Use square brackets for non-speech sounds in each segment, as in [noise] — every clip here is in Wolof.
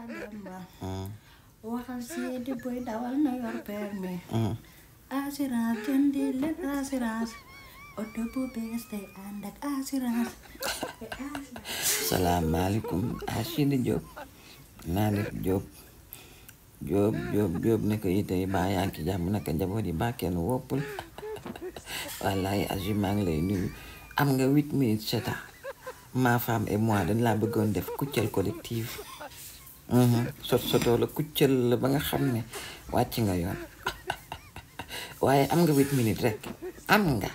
Hmm. Assalamualaikum, wakasiyedi boy dawalna yorbeerme job, job job salaamaaleykum Achille Diop Malick Diop Diop Diop Diop ne ko itay ba yaa ni jàmm naka kan njaboot yi ba kenn woppul wallaay Achille maa ngi lay nuyu am nga minutes ma fam e eh, moi dañ laa bëggoon def sot sotoo la kuccal la ba nga xam ne wàcc nga yoon [laughs] waaye am nga huit minutes rek am nga [laughs]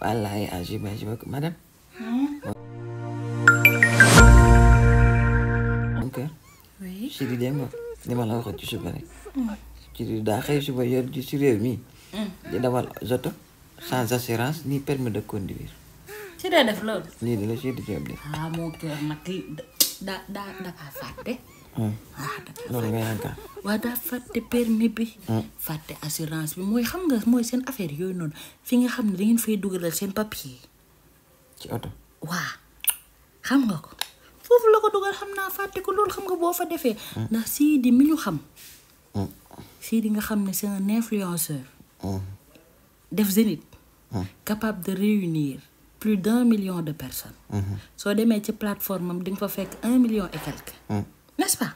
wallahi ajiba ajiba madame hmm? ok ci di dem ni ma la waxoon ci suba rek ci di daa xëy suba yor ji si réew mi hmm. di dawal joto sans assurance ni permis de conduire ci dee def loolu lii di la ci di jëm def ah moo kër nag da da dafa fàtte loolu permis bi hmm. assurance bi moy xam nga moy seen affaire yoy non. fi nga xam da ngeen fay papier ci auto wa xam nga ko fofu la ko sais xam ko lool xam nga boo fa defee hmm. ndax Sidi mi hmm. un influenceur def capable de réunir plus d'un million de personnes soo demee ci plateforme am fa un million et quelque n'est-ce pas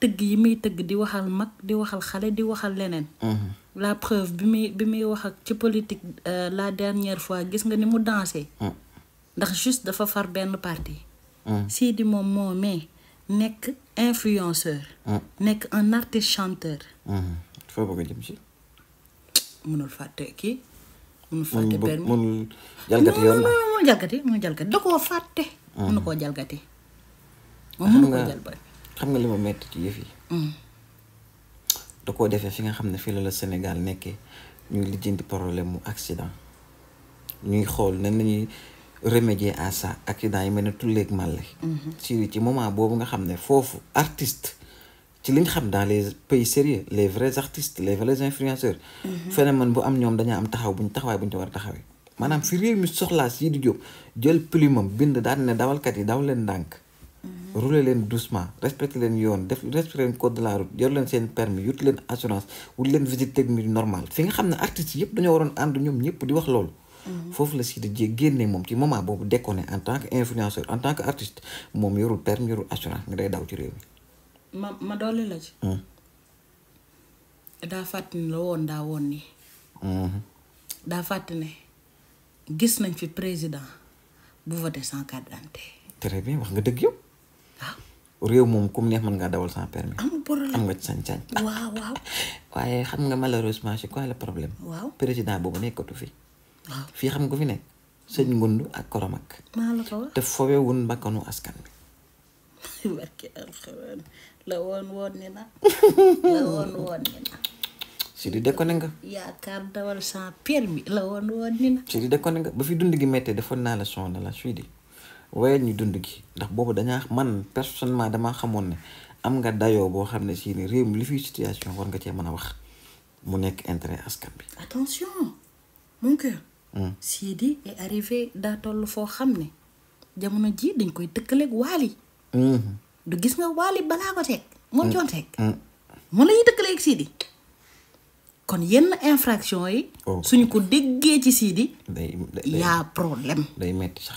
tëgg yi muy tëgg di waxal mag di waxal xale di waxal leneen mhm. la preuve bi muy bi muy wax ak ci politique euh, la dernière fois gis nga ni mu dansé mhm. ndax juste dafa far benn parti mhm. Sidi moom moomee nekk influenceur nekk un artiste chanteur foo bëgg a jëm si mënul fàtte kii mënul fàtte benn mënul jalgati yoon la mënul jalgati mënul jalgati da koo fàtte mënu koo jalgati xam nga xam nga li ma metti ci yëf yi. da koo defee fi nga xam ne fii la la Sénégal nekkee ñuy lijjanti problème mu accident ñuy xool nan lañuy remédier à ça accident yi mel ne tulleeg màlle ci ci moment boobu nga xam ne foofu artiste ci liñ xam dans les pays sérieux les vrais artistes les vrais influenceurs phénomène bu am ñoom dañoo am taxaw buñ taxawaay buñ te war a taxawee maanaam fi réew mi soxlaa si di jóg jël plumam bind daan ne dawalkat yi daw leen ndànk roulé leen doucement respecté leen yoon def respecté leen code de la route yor leen seen permis yuti leen assurance wut leen visite technique normale fi nga xam ne artistes yëpp dañoo waroon ànd ñoom ñëpp di wax loolu mm-hmm. foofu la Sidi Dieng génnee moom ci moment boobu déconné en tant que influenceur en tant que artiste moom yorul permis yorul assurance nga day daw ci réew mi ma ma la ci mm. daa la woon daa woon ni mm-hmm. daa fàttali ne gis nañ fi président bu réew moom comme neex mën nga dawal sans permis. amul am nga ci sañ [laughs] [laughs] waaye xam nga malheureusement c'est quoi le problème. waaw président boobu nekkatu fi. fii xam nga fi nekk. sëñ Ngundu ak Koromak. maa la ko wax te askan bi. [laughs] barke alxuraan la woon woon ni na. la woon woon ni na. si di déconné nga. yaakaar dawal sans permis la woon woon ni na. si di déconné nga ba fi dund gi méttee defoon naa la sonn la suy wayal ñu dund gi ndax boobu dañaa man personnement damaa xamoon ne am nga dayoo boo xam ne si ne réew mi li fi situation war nga cee mën a wax mu nekk intérêt askan bi. attention mon cœur. Hmm. Sidy est daa toll foo xam ne jamono ji dañ koy tëkkaleek Wally. Hmm. du gis nga Wally balaa ko teg. moom joon hmm. teg. moom la ñuy tëkkaleeg Sidy. kon yenn infraction yi. Oh. suñu ko déggee ci Sidy. day y' problème. day metti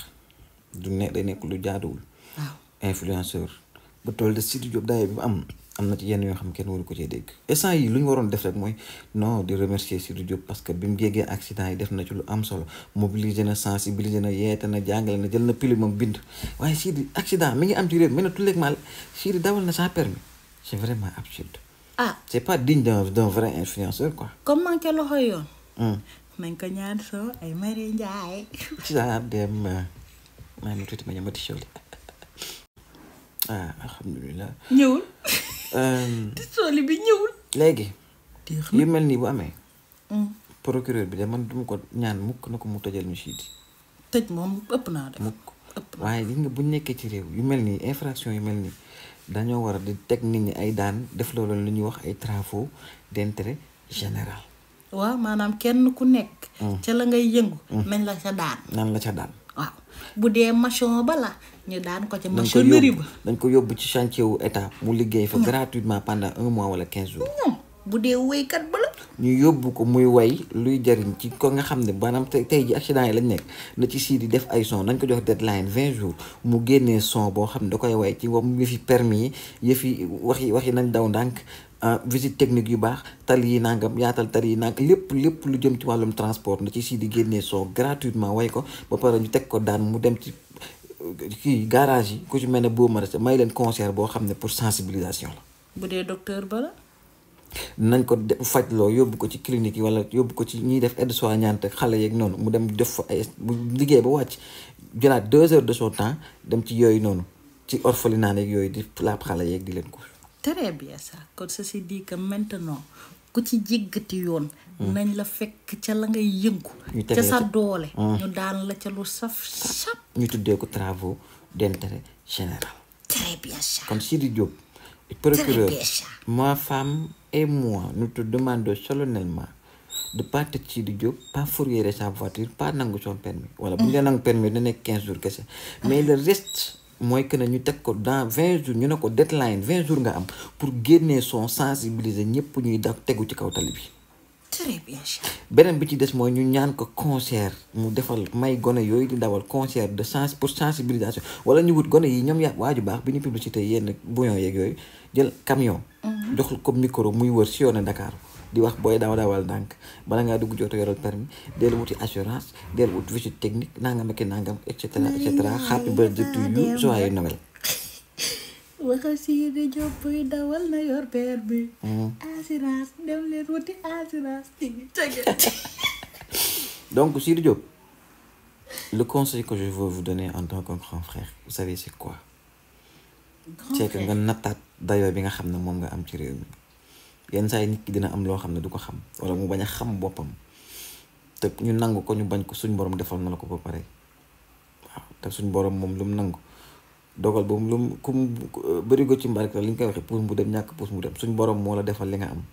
du ne nekk lu jaaduwul. influenceur bu toll de Sidy Diop daay bi am am na ci yenn yoo xam kenn waru ko cee dégg instant yi lu ñu waroon def rek mooy non di remercier Sidy Diop parce que bi mu jéggee accident yi def na ci lu am solo mobiliser na sensibiliser na yeete na jàngale na jël na pili moom bind waaye Sidy accident mi ngi am ci réew mi ne tout dawal na sans permis c'est vraiment absurde. ah c'est pas digne d'un d'un vrai influenceur quoi. comme manqué loxo yoon. nañ hmm. ko ñaan soo ay Marie Ndiaye. ci maa ngi tuuti ma ñëw ma di soli ah alhamdulilah. Nyul. di soli bi ñëwul. léegi. yu mel nii bu amee. Hmm. procureur bi de man duma ko ñaan mukk na ko mu tëjal ñu siidi. tëj moom ëpp naa def. mukk waaye gis nga bu nekkee ci réew yu mel nii infraction eh, yu mel nii dañoo war di teg nit ñi ay daan def loolu lu ñuy wax ay travaux d'intérêt général. waaw maanaam kenn ku nekk. Hmm. ca hmm. la ngay yëngu. nañ la ca daan. nan la ca daan. waaw bu dee machon ba la ñu daan ko ca machinerie ba dañ ko yóbbu ci chantier wu état mu liggéey fa gratuitement pendant un mois wala quinze jours bu dee woykat ba la ñu yóbbu ko muy way luy jariñ ci ko nga xam ne maanaam tey tey ji accident yi lañ nekk na ci sii di def ay son nañ ko jox deadline vingt jours mu génnee son boo xam ne da koy way ci wam yëfi permis yëfi waxi waxi nañ daw ndànk Ah, visit technique yu baax tali yi nangam yaatal tali yi nang lépp lépp lu jëm ci wàllum transport na ci si di génnee soo gratuitement way ko ba pare ñu teg ko daan mu dem ci euh, kii garage yi ku ci mel ne boo mara may leen concert boo xam ne pour sensibilisation la. bu dee docteur ba la. nañ ko fajloo yóbbu ko ci clinique yi wala yóbbu ko ci ñiy def aide soignante xale yeeg noonu mu dem def fa ay liggéey ba wàcc jëlaat deux heures de son temps dem ci yooyu noonu ci orphelinat yeeg yooyu di laab xale yeeg di leen ko. très bien ça kon ceci dit que maintenant ku ci jéggati yoon. Hmm. nañ la fekk ca la ngay yëggu ca sa doole. Hmm. ñu daan la ca lu saf sap. ñu tuddee ko travaux d'intérêt général. très bien ça kon Sidi Diop. procureur ma femme et moi nous te demandons solennellement de pas teg Sidi Diop pas fourrière sa voiture pas nangu son permis. wala mu ñu la hmm. nangu permis da quinze jours kese mais le reste. mooy que ne ñu teg ko dans vingt jours ñu ne ko deadline vingt jours nga am pour génnee son sensibiliser ñëpp ñuy da tegu ci kaw tali bi. très bien. beneen bi ci des mooy ñu ñaan ko concert mu defal may gone yooyu di dawal concert de sens pour sensibilisation wala ñu wut gone yi ñoom yaa waaju baax bi ñu publicité yenn bouillon yeeg yooyu jël camion. Mhm. jox ko micro muy wër si yoonu Dakar. di wax booy daaw daawal ndànk bala ngaa dugg joto yoral permis del wuti assurance del wut visite technique nangam ak nangam et cetera et cetera happy birthday to you joyeux Noël waxa si di job buy dawal na yor permis mm. assurance dem leen wuti assurance [laughs] donc Sidi Diop le conseil que je veux vous donner en tant que grand frère vous savez c'est quoi c'est que nga nattaat dayoo bi nga xam ne moom nga yenn saa yi nit ki dina am loo xam ne du ko xam wala mu bañ a xam boppam te ñu nangu ko ñu bañ ko suñ borom defal na la ko ba pare waaw te suñ borom moom lu mu nangu dogal ba lu mu bëri ko ci mbarke la li ñu koy waxee mu dem ñàkk mu dem suñ borom moo la defal li nga am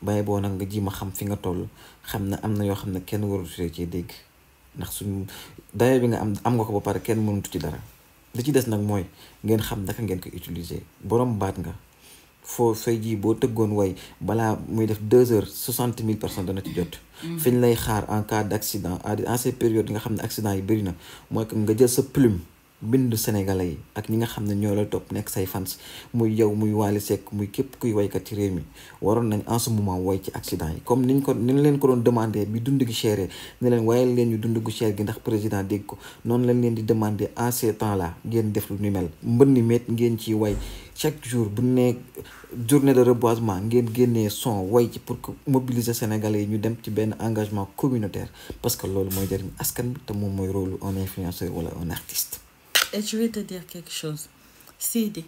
bàyyi boo nag nga ji ma xam fi nga toll xam ne am na yoo xam ne kenn waratu ci dégg ndax suñ bi nga am am nga ko ba pare kenn mënutu ci dara li ci des nag mooy ngeen xam naka ngeen ko utiliser borom baat nga. foo fay jii boo tëggoon way balaa muy def deux heures soixante mille personnes dana ci jot mm. fi ñu lay xaar en cas d' accident en ces périodes nga xam ne accident yi bëri na mooy que nga jël sa plume bind sénégalais yi ak ñi nga xam ne ñoo la topp nekk say fans muy yow muy Wally Seck muy képp kuy waykat ci réew mi waroon nañ en ce moment ci accident yi comme niñ ko niñ leen ko doon demandé bi dund gi chéré ne ñu dund gu cher gi ndax président dégg ko noonu lañ leen di demandé en ces temps là ngeen def lu ni mel mbënn métt ngeen ciy way chaque jour bu nekk journée de reboisement ngeen génnee son way ci pour que mobiliser sénégalais ñu dem ci benn engagement communautaire parce que loolu mooy jëriñ askan bi te moom mooy rôle un influenceur wala un artiste. et je vais te dire quelque chose Sidi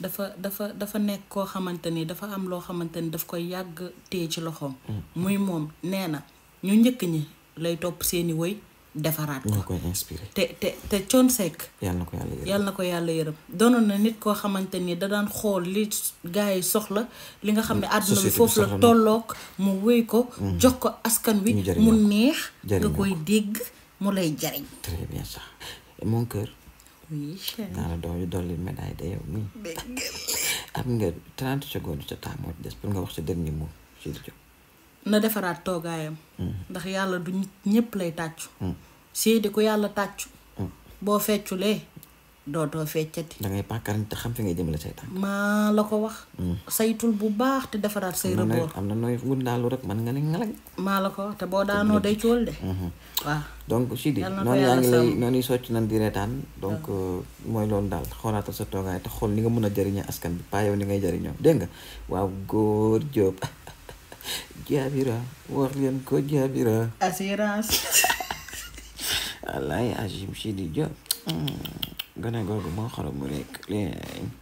dafa dafa dafa nekk koo xamante ni dafa am loo xamante ni daf koy yàgg téye ci loxoom. Mm. muy moom nee na ñu njëkk ñi lay topp seeni way defaraat ko te te te Thione Seck yàlla na ko yàlla yërëm doonoon na nit koo xamante ni da daan xool li gars yi soxla li nga xam ne mm. àdduna bi foofu la tolloog mu wéy ko mm. jox ko askan wi mu neex nga koy dégg mu lay jariñ très bien ça mon cœur naa la dool dolli médaille da yow mii am nga 30 secondes sa temps moo ci des pour nga wax sa dernier mot Sidy Diop na defaraat toogaayam mm. ndax yàlla du nit ñépp lay tàccu mm. séede ko yàlla tàccu mm. boo fecculee dootoo feccati da ngay pàkkarante xam fi ngay jëmale say tànk maa la ko wax saytul bu baax te defaraat say rëboor am na nooy wundaalu rek man nga ne ngalag maa la ko wax te boo daanoo day cool de mm-hmm. waaw donc si di noonu yaa ngi lay noonu socc nan di reetaan donc euh, mooy loolu daal xoolaatal sa toogaay te xool ni nga mën a jëriñoo askan bi pas yow ni ngay jëriñoo dégg nga waaw góor jóob [laughs] Jabira, warlian ko Jabira. Asiras. [laughs] Alay, asim si Dijo. Mm, Ganagawa ko mga karamurek. Lain.